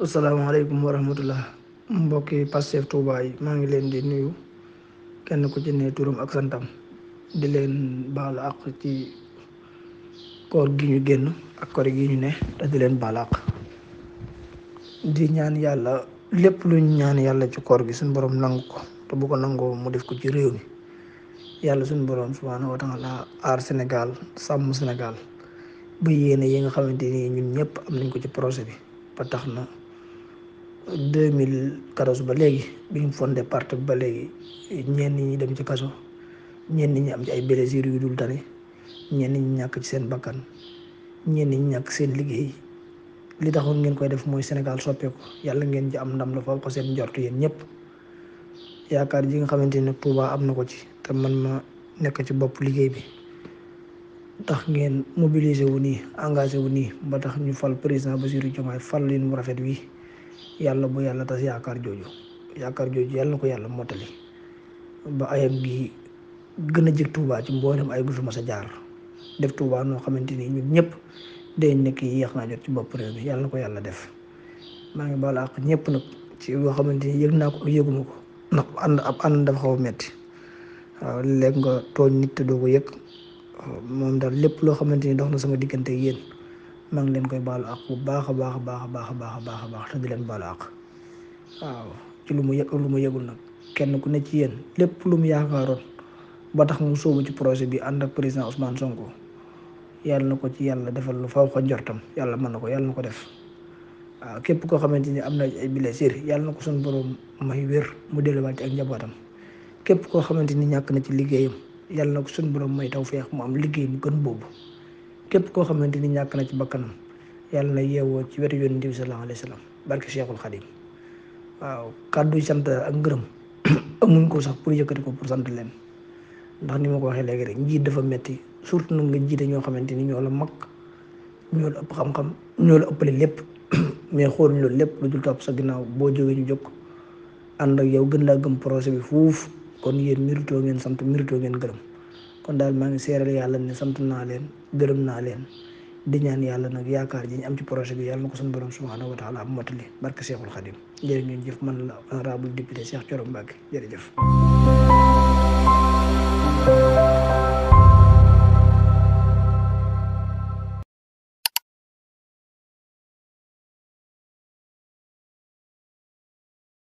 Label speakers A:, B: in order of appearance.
A: asalaamaaleykum wa rahmatullah mbokki Pastef Touba yi maa ngi leen di nuyu kenn ku ci ne turam ak santam di leen baalu àq ci koor gi ñu génn ak koor gi ñu ne te di leen baalu di ñaan yàlla lépp lu ñaan yàlla ci koor gi suñu borom nangu ko te bu ko nangoo mu def ko ci réew mi yàlla suñ borom subhaanahu wa taala aar senegal sàmm senegal ba yéene yi nga xamante ni ñun ñëpp am nañ ko ci projet bi ba tax na. deux mille quatorze ba léegi bi ñu parte parti ba léegi ñenn ñi dem ci kaso ñenn ñi am ci ay blessures yu dul tane ñenn ñi ñàkk ci seen bakkan ñenn ñi ñàkk seen liggéey li taxoon ngeen koy def mooy Sénégal soppeeku yàlla ngeen ci am ndam la foog ko seen njort yéen ñëpp yaakaar ji nga xamante ne Touba am na ko ci te man ma nekk ci bopp liggéey bi tax ngeen mobiliser wu nii engagé wu nii ba tax ñu fal président Bassirou Diomaye fal leen mu rafet wi. yàlla bu yàlla tas yaakaar jooju yaakaar jooju yàlla na ko yàlla mottali ba ayam gi gën a jëg Touba ci mboolem ay bu fi mas jaar def Touba noo xamante ni ñun ñëpp day nekk yéex naa jot ci bopp réew mi yàlla na ko yàlla def maa ngi bala àq ñëpp nag ci loo xamante ni yëg naa ko yëguma ko ndax ànd ab ànd dafa xaw metti waaw léeg nga tooñ nit te doo ko yëg moom daal lépp loo xamante ni dox na sama diggante yéen maa ngi leen koy baalu ak bu baax a baax a baax a baax a baax a baax te di leen baalu àq waaw ci lu mu yëg lu mu yëgul nag kenn ku nekk ci yéen lépp lu mu yaakaaroon ba tax mu sóobu ci projet bi ànd ak président Ousmane Sonko yàlla na ko ci yàlla defal lu faw ko tam yàlla mën na ko yàlla na ko def waaw képp koo xamante ni am na ay blessure yàlla na ko suñu borom may wér mu delluwaat ci ak njabootam koo xamante ni ñàkk na ci liggéeyam yàlla na ko suñu borom may feex mu am liggéey mu gën boobu. képp koo xamante ni ñàkk na ci bakkanam yàlla na yeewoo ci wetu yonent bi sallallahu alayhi wa sallam barke Cheikhul Khadim waaw kàddu sant ak ngërëm amuñ ko sax pour yëkkati ko pour sant leen ndax ni ma ko waxee léegi rek njiit dafa metti surtout nag nga jiite ñoo xamante ni ñoo la mag ñoo la ëpp xam-xam ñoo la ëppale lépp mais xooluñ loolu lépp lu jul topp sa ginnaaw boo jógee ñu jóg and ak yow gën laa gëm projet bi fuuf kon yéen méritoo ngeen sant méritoo ngeen gërëm kon daal maa ngi seeral yàlla ne sant naa leen gërëm naa leen di ñaan yàlla nag yaakaar ji ñu am ci projet bi yàlla na ko suñu borom subhanahu wa taala bu motali barke Cheikhul Khadim man la honorable député Cheikh Thioro Mbacké jërëjëf